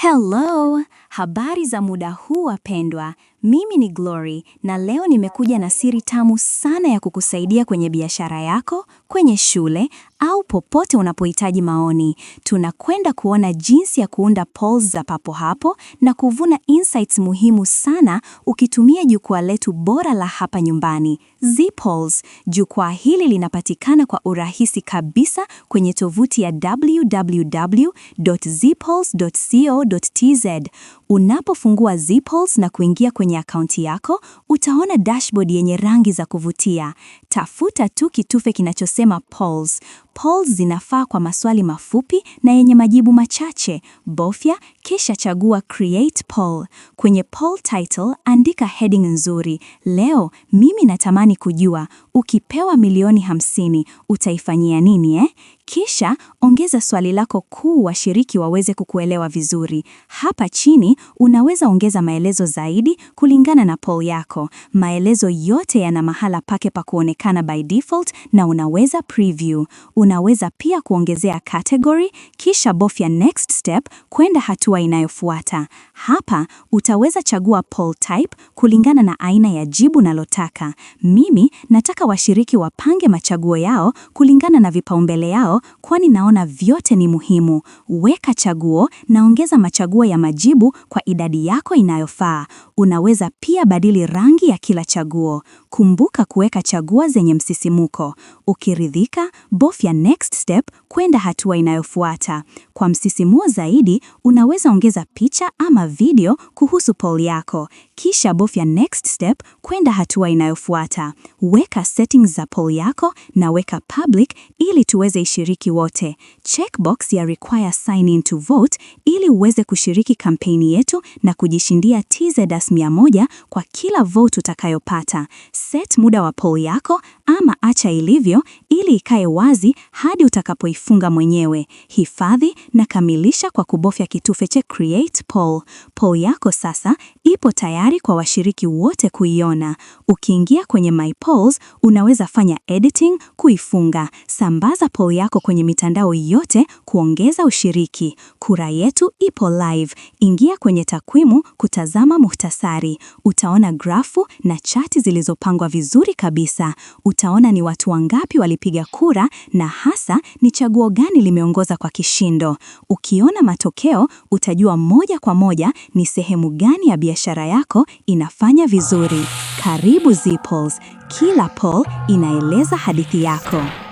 Hello, habari za muda huu wapendwa. Mimi ni Glory na leo nimekuja na siri tamu sana ya kukusaidia kwenye biashara yako, kwenye shule au popote unapohitaji maoni. Tunakwenda kuona jinsi ya kuunda polls za papo hapo na kuvuna insights muhimu sana ukitumia jukwaa letu bora la hapa nyumbani, z Jukwaa hili linapatikana kwa urahisi kabisa kwenye tovuti ya www.zpolls.co.tz. Unapofungua z na kuingia kwenye akaunti yako, utaona dashboard yenye rangi za kuvutia. Tafuta tu kitufe kinachosema polls. Polls zinafaa kwa maswali mafupi na yenye majibu machache. Bofya kisha chagua Create Poll. Kwenye poll title andika heading nzuri. Leo mimi natamani kujua ukipewa milioni hamsini utaifanyia nini eh? Kisha ongeza swali lako kuu washiriki waweze kukuelewa vizuri. Hapa chini unaweza ongeza maelezo zaidi kulingana na poll yako. Maelezo yote yana mahala pake pa kuonekana by default na unaweza preview unaweza pia kuongezea category kisha bofya next step kwenda hatua inayofuata. Hapa utaweza chagua poll type kulingana na aina ya jibu nalotaka. Mimi nataka washiriki wapange machaguo yao kulingana na vipaumbele yao, kwani naona vyote ni muhimu. Weka chaguo na ongeza machaguo ya majibu kwa idadi yako inayofaa. Unaweza pia badili rangi ya kila chaguo. Kumbuka kuweka chaguo zenye msisimuko. Ukiridhika, bofya next step kwenda hatua inayofuata. Kwa msisimuo zaidi, unaweza ongeza picha ama video kuhusu poll yako. Kisha bofya next step kwenda hatua inayofuata. Weka settings za poll yako na weka public ili tuweze ishiriki wote. Checkbox ya require sign in to vote ili uweze kushiriki kampeni yetu na kujishindia TZS 100 kwa kila vote utakayopata. Set muda wa poll yako ama acha ilivyo ili ikae wazi hadi utakapoifunga mwenyewe. Hifadhi na kamilisha kwa kubofya kitufe cha create poll. Poll yako sasa ipo tayari tayari kwa washiriki wote kuiona. Ukiingia kwenye My Polls unaweza fanya editing, kuifunga, sambaza poll yako kwenye mitandao yote kuongeza ushiriki. Kura yetu ipo live. Ingia kwenye takwimu kutazama muhtasari. Utaona grafu na chati zilizopangwa vizuri kabisa. Utaona ni watu wangapi walipiga kura na hasa ni chaguo gani limeongoza kwa kishindo. Ukiona matokeo utajua moja kwa moja ni sehemu gani ya biashara yako yako inafanya vizuri. Karibu Zipols, kila poll inaeleza hadithi yako.